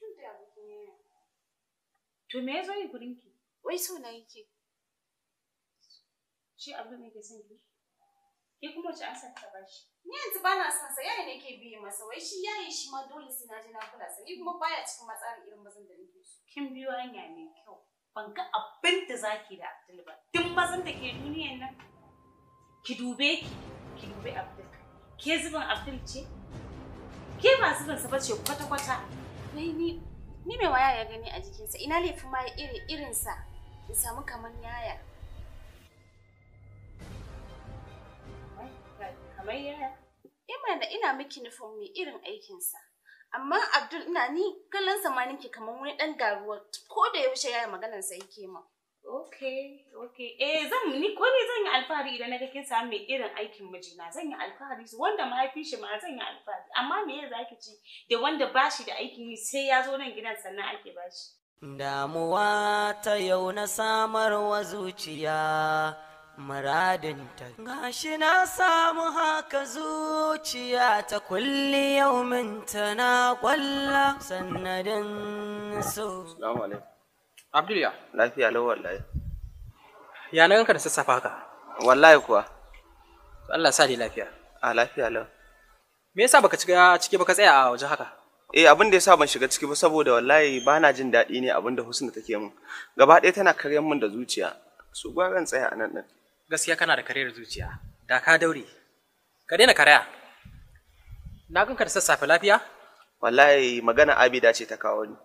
To me ya zo yi gurin ki? Wai so na yake. Shi abu ne ke son ki? Ki kuma an ansa ta ba shi? Ni yanzu ba na son sa yayi ke biye masa wai shi yayi shi ma dole sai na je na kula sa ni kuma baya cikin matsalar irin mazan da nake so. Kin biyo hanya mai kyau. Ban ga abin da zaki da Abdul ba. Duk mazan da ke duniyan nan ki dube ki ki dube Abdul. Ke zuban Abdul ce? Ke ba zuban sa bace kwata-kwata. ni ni me waya ya gani a jikinsa ina laifin ma iri irinsa in samu kamar yaya. Kamar yaya? Eh ina miki nufin mai irin aikinsa. Amma Abdul ina ni kallon samanin ke kamar wani ɗan garuwa ko da yaushe yaya maganarsa yake min. Ok Eh zan ni ko zan yi alfahari idan naga kin samu mai irin aikin mijina. Zan yi alfahari su wanda mahaifin shi ma zan yi alfahari. Amma me ya zaki ci da wanda bashi da aikin yi sai ya zo nan gidan sannan ake bashi. Damuwa ta yau na samarwa zuciya muradinta. Gashi na samu haka zuciya ta kulli yaumin ta na kwalla sannadin so. Assalamu alaikum. Abdulya. Lafiya lau wallahi. Ya na ganka da sassafa haka? Wallahi kuwa. Allah sa ni lafiya. A lafiya lau. Me yasa baka shiga ciki baka tsaya a waje haka? Eh abin da yasa ban shiga ciki ba saboda wallahi ba na jin daɗi ne abin da Husna take min. Gaba ɗaya tana karyar min da zuciya. Su gwaran tsaya a nan din. Gaskiya kana da karyar zuciya. Da ka daure. Ka daina karaya. Na ganka da sassafe lafiya? Wallahi magana Abida ce ta kawo ni.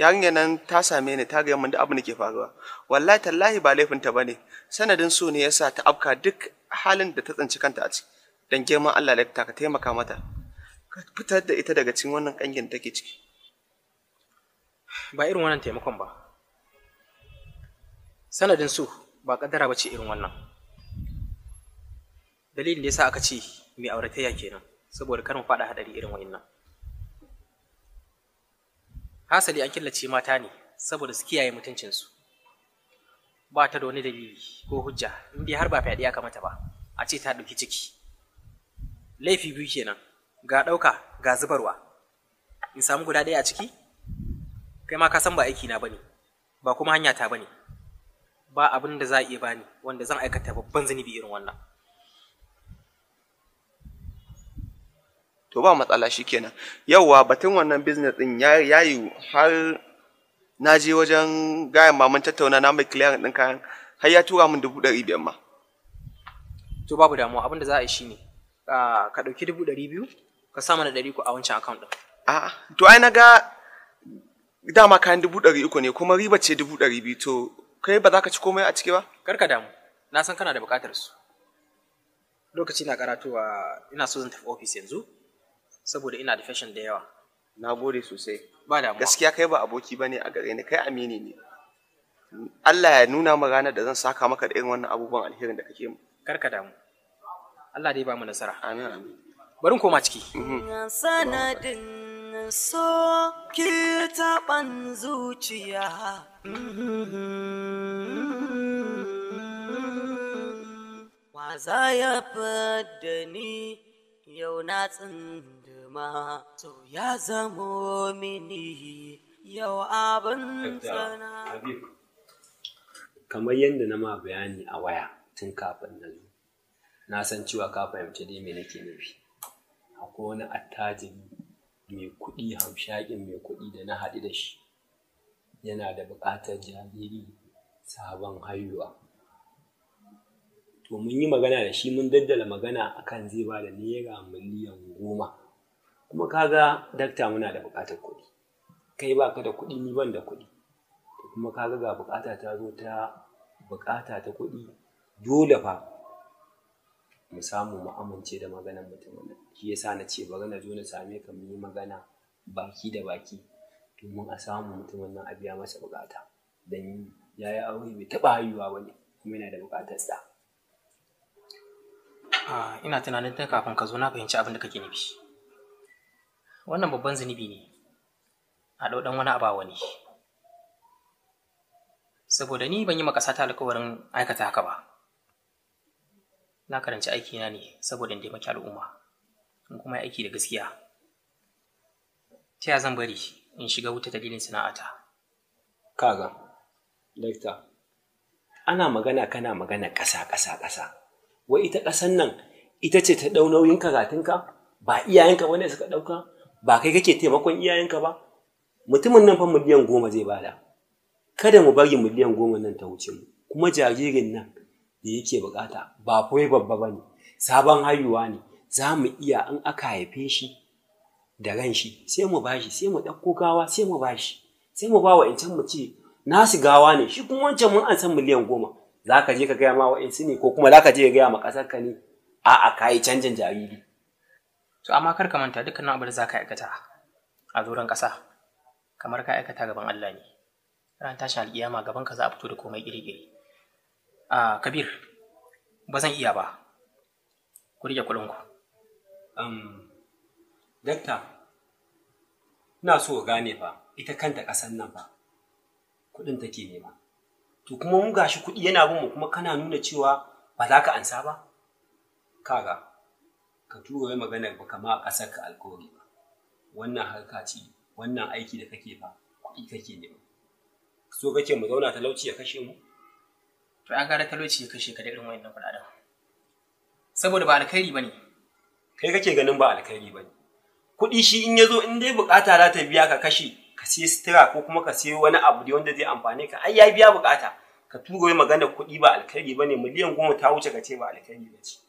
yarinyar nan ta same ni ta ga yamman da abin da ke faruwa wallahi tallahi ba laifinta ba ne sanadin su ne yasa ta afka duk halin da ta tsinci kanta a ciki dan girman Allah ta ka taimaka mata ka fitar da ita daga cikin wannan kangin take ciki ba irin wannan taimakon ba sanadin su ba kaddara ba ce irin wannan dalilin da yasa aka ce mai auratayya kenan saboda karin faɗa hadari irin wannan. hasali an killace mata ne saboda su kiyaye mutuncinsu ba ta da wani dalili ko hujja in har ba fyaɗe ya kamata ba a ce ta ɗauki ciki laifi biyu kenan ga ɗauka ga zubarwa in samu guda ɗaya a ciki kai ma ka san ba aiki na bane ba kuma hanya ta bane ba abin da za a iya bani wanda zan aikata babban zunubi irin wannan to ba matsala shikenan yauwa batun wannan business din ya yayi har na je wajen gayan ma mun tattauna na mai client din kayan har ya tura min dubu ɗari biyar ma to babu damuwa abinda za a yi shine ka ɗauki dubu ɗari biyu ka sa mana ɗari ku a wancan account ɗin a'a to ai na ga dama kayan dubu ɗari uku ne kuma riba ce dubu ɗari biyu to kai ba za ka ci komai a ciki ba kar ka damu na san kana da buƙatar su lokaci na karatuwa ina so zan tafi ofis yanzu saboda ina da fashion da yawa na gode sosai ba damuwa gaskiya kai ba aboki ba ne a gare ni kai amini ne Allah ya nuna ma ranar da zan saka maka da irin wannan abubuwan alherin da kake mu karka damu Allah dai ba mu nasara amin amin bari koma ciki mhm. sanadin so ki taɓan zuciya mhm. wa za ya fadda ni yau na tsinda girma so ya zamo mini yau abin tsana kamar yadda na ma bayani a waya tun kafin na zo na san cewa ka fahimci dai me nake nufi akwai wani attajiri mai kuɗi hamshakin mai kuɗi da na haɗu da shi yana da buƙatar jariri sabon haihuwa to mun yi magana da shi mun daddala magana akan zai ba da naira miliyan goma kuma kaga dakta muna da bukatar kuɗi kai baka da kuɗi ni ban da kuɗi kuma kaga ga bukata ta zo ta bukata ta kuɗi dole fa mu samu mu amince da maganar mutum nan shi yasa na ce bari na zo na same ka mu yi magana baki da baki domin a samu mutumin nan a biya masa bukata dan ya aure bai taba haihuwa ba ne kuma yana da bukatar sa. Ah, ina tunanin ta kafin ka zo na fahimci abin da kake nufi. wannan babban zunubi ne a ɗauɗan wani abawa wani saboda ni ban yi makasa ta alkawarin aikata haka ba na karanci aiki na ne saboda in taimaki al'umma in kuma aiki da gaskiya ta zan bari in shiga wuta dalilin sana'ata kaga dakta ana magana kana magana ƙasa ƙasa ƙasa wai ita ƙasan nan ita ce ta ɗau nauyin karatunka ba iyayenka wani suka ɗauka ba kai kake taimakon iyayenka ba mutumin nan fa miliyan goma zai bada kada mu bari miliyan goma nan ta wuce mu kuma jaririn nan da yake bukata ba kawai babba ba ne sabon haihuwa ne za mu iya an aka haife shi da ran shi sai mu bashi sai mu ɗauko gawa sai mu bashi sai mu ba wa'incan mu ce nasu gawa ne shi kuma wancan mun an san miliyan goma za ka je ka gaya ma wa'insu ne ko kuma za ka je ka gaya ma ƙasar ka ne a'a ka yi canjin jariri To amma kar ka manta dukkanin abin da za ka aikata a zuran ƙasa kamar ka aikata gaban Allah ne. Ran tashin alƙiyama gaban ka za a fito da komai iri-iri. A Kabir, ba zan iya ba. Ku rike kuɗin ku. Um, dakta, ina so gane fa ita kanta ƙasar nan fa kuɗin take nema. To kuma mun gashi kuɗi yana bin mu kuma kana nuna cewa ba za ka ansa ba? Kaga. ka tura wai magana ba kama a ƙasar ka alkawari ba wannan harka ce wannan aiki da kake ba kuɗi kake ne. so kake mu zauna talauci ya kashe mu to an gara talauci ya kashe ka da irin wannan kuɗaɗen saboda ba alkhairi bane kai kake ganin ba alkhairi bane kuɗi shi in ya zo in dai bukata za ta biya ka kashe ka siya sutura ko kuma ka siya wani abu da wanda zai amfane ka ai ya biya bukata ka tura wai magana kuɗi ba alkhairi bane miliyan goma ta wuce ka ce ba alkhairi ba ce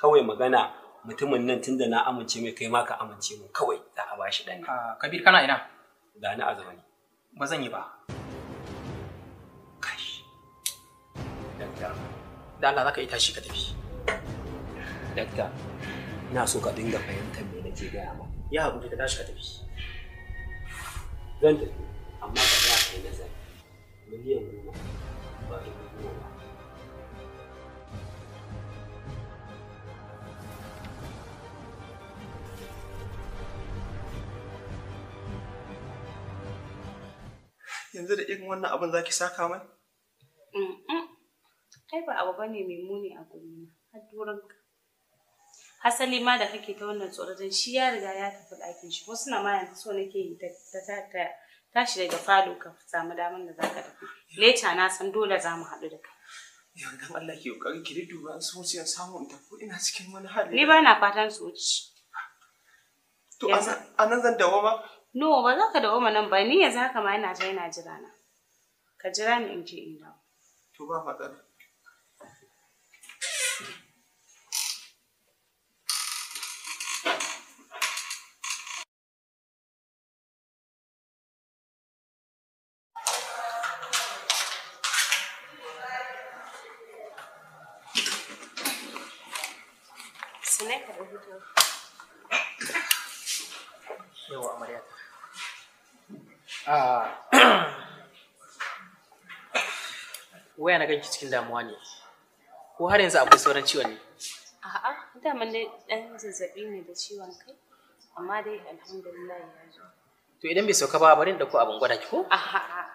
kawai magana mutumin nan tunda na amince mai kai ma ka amince mu kawai za a bashi dani. nan ah, kabir kana ina da ni a zaune ba zan yi ba kash dakta da Allah zaka yi tashi ka tafi dakta ina so ka dinga fahimtar me nake gaya ma ya haƙuri da tashi ka tafi zan tafi amma ka tsaya kai nazari miliyan goma ba ba. yanzu da irin wannan abin zaki saka mai? Kai ba abu bane mai muni a gurina, har ka. Hasali ma da kake ta wannan tsoron shi ya riga ya tafi ɗakin shi, wasu na ma yanzu so nake yi ta tashi daga falo ka samu damar da zaka tafi. Leta na san dole za mu haɗu da kai. Yau Allah ke kokari ki duba su wuce samun tafi ina cikin wani hali. Ni ba na fatan su wuce. To nan zan dawo ba No, ba za ka da nan ba ni yanzu haka ma ina je ina jira na. Ka jira ni in je in dawo. To ba faɗa. Yawa amaryata. Ah. waya na ganki cikin damuwa ne ko har yanzu akwai sauran ciwon ne a'a daman dai dan zazzabi ne da ciwon kai amma dai alhamdulillah ya zo to idan bai sauka ba bari in dauko abin gwada ki ko a'a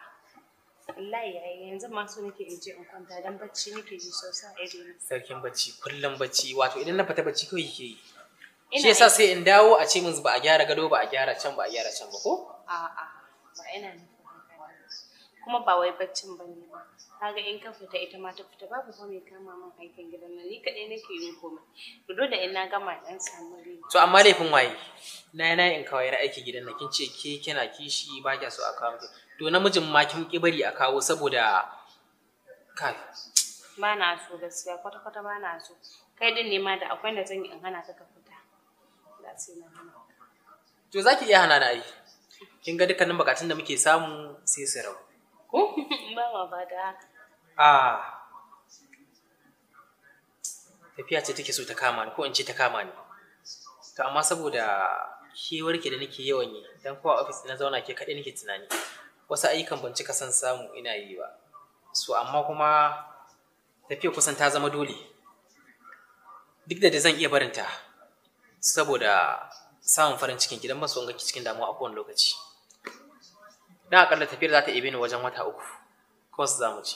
wallahi yayi yanzu ma so nake in je in kwanta dan bacci nake ji sosai a ido sarkin bacci kullum bacci wato idan na fita bacci kawai yake yi shi yasa sai in dawo a ce min ba a gyara gado ba a gyara can ba a gyara can ba ko a'a ba yana nufin haka kuma ba wai baccin ba ne ba kaga in ka fita ita ma ta fita babu ba mai kama min aikin gidan nan ni kaɗai nake yin komai to dole in na gama dan samu riba to amma laifin waye na yana in kawai ra aikin gidan nan kin ce ke kina kishi ba kya so a kawo to namijin ma kin ki bari a kawo saboda kai ba na so gaskiya kwata kwata ba na so kai din ne ma da akwai da zan yi in hana ka ka fita da sai na hana to zaki iya hana na ai kin ga dukkanin bukatun da muke samu sai su rabu ba ma ba da a tafiya ce take so ta kama ni ko in ce ta kama ni to amma saboda kewar ke da nake yawan yi dan ko a office na zauna ke kaɗai nake tunani wasu ayyukan ban cika son samu ina yi ba so amma kuma tafiya kusan ta zama dole duk da zan iya barinta saboda samun farin cikin gidan masu wanga cikin damuwa a kowane lokaci Na akalla tafiyar za ta ibe ni wajen wata uku ko su za mu ci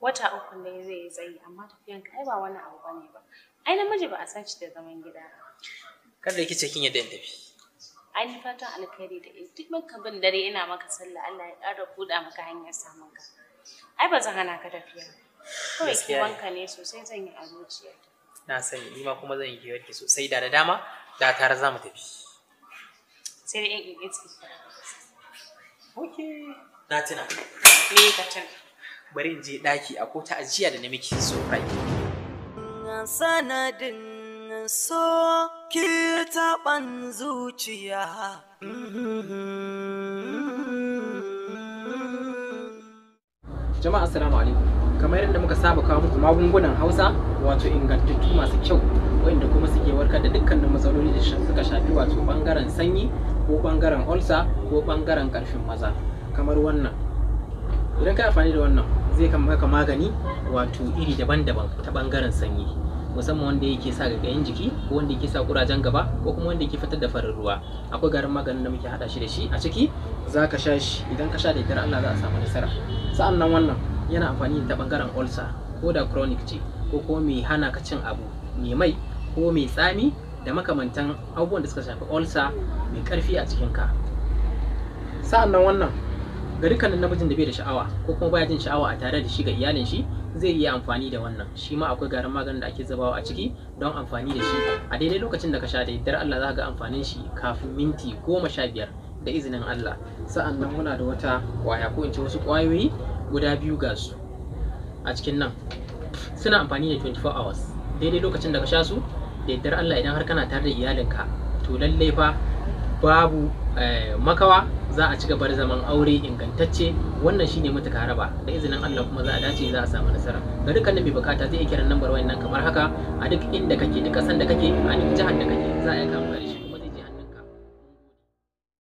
wata uku ne zai yi tsayi amma tafiyan kai ba wani abu bane ba ai namiji ba a san shi da zaman gida kada yake cikin yadda in tafi ai ni fatan alkhairi da in duk maka bin dare ina maka sallah Allah ya ƙara buɗa maka hanyar samun ka ai ba zan hana ka tafiya kawai wanka ne sosai zan yi a zuciyarta na sani ni ma kuma zan yi hirar ki sosai da da dama da tare za mu tafi sai dai in gaske okay na tuna me ka tuna bari in je daki a kota ajiya da na miki so rai sanadin so ki ban zuciya jama'a assalamu alaikum kamar yadda muka saba kawo muku magungunan hausa wato ingantattu masu kyau wanda kuma suke warkar da dukkanin matsaloli da suka shafi wato bangaren sanyi ko bangaren olsa ko bangaren karfin maza kamar wannan idan ka amfani da wannan zai maka magani wato iri daban-daban ta bangaren sanyi musamman wanda yake sa gagayen jiki ko wanda yake sa kurajen gaba ko kuma wanda yake fitar da farin ruwa akwai garin maganin da muke hada shi da shi a ciki za ka sha shi idan ka sha da idan Allah za a samu nasara sa'an nan wannan yana amfani da bangaren ulcer ko da chronic ce ko ko mai hana ka cin abu mai mai ko mai tsami da makamantan abubuwan da suka shafi ulcer mai karfi a cikin ka sa'annan wannan ga dukkanin namijin da bai da sha'awa ko kuma baya jin sha'awa a tare da shi ga iyalin shi zai iya amfani da wannan shi ma akwai garin maganin da ake zubawa a ciki don amfani da shi a daidai lokacin da ka sha da yaddar Allah za ga amfanin shi kafin minti goma sha biyar da izinin Allah sa'annan muna da wata kwaya ko in ce wasu kwayoyi guda biyu ga su a cikin nan suna amfani da 24 hours daidai lokacin da ka sha su da yaddar Allah idan har kana tare da iyalinka to lallai fa babu eh, makawa za a ci gaba da zaman aure ingantacce wannan shi shine mutuka raba da izinin Allah kuma za a dace za a samu nasara ga dukkanin mai bukata zai iya kiran lambar wayannan kamar haka a duk inda kake duk kasan da kake a duk jihar da kake za a yi kamar shi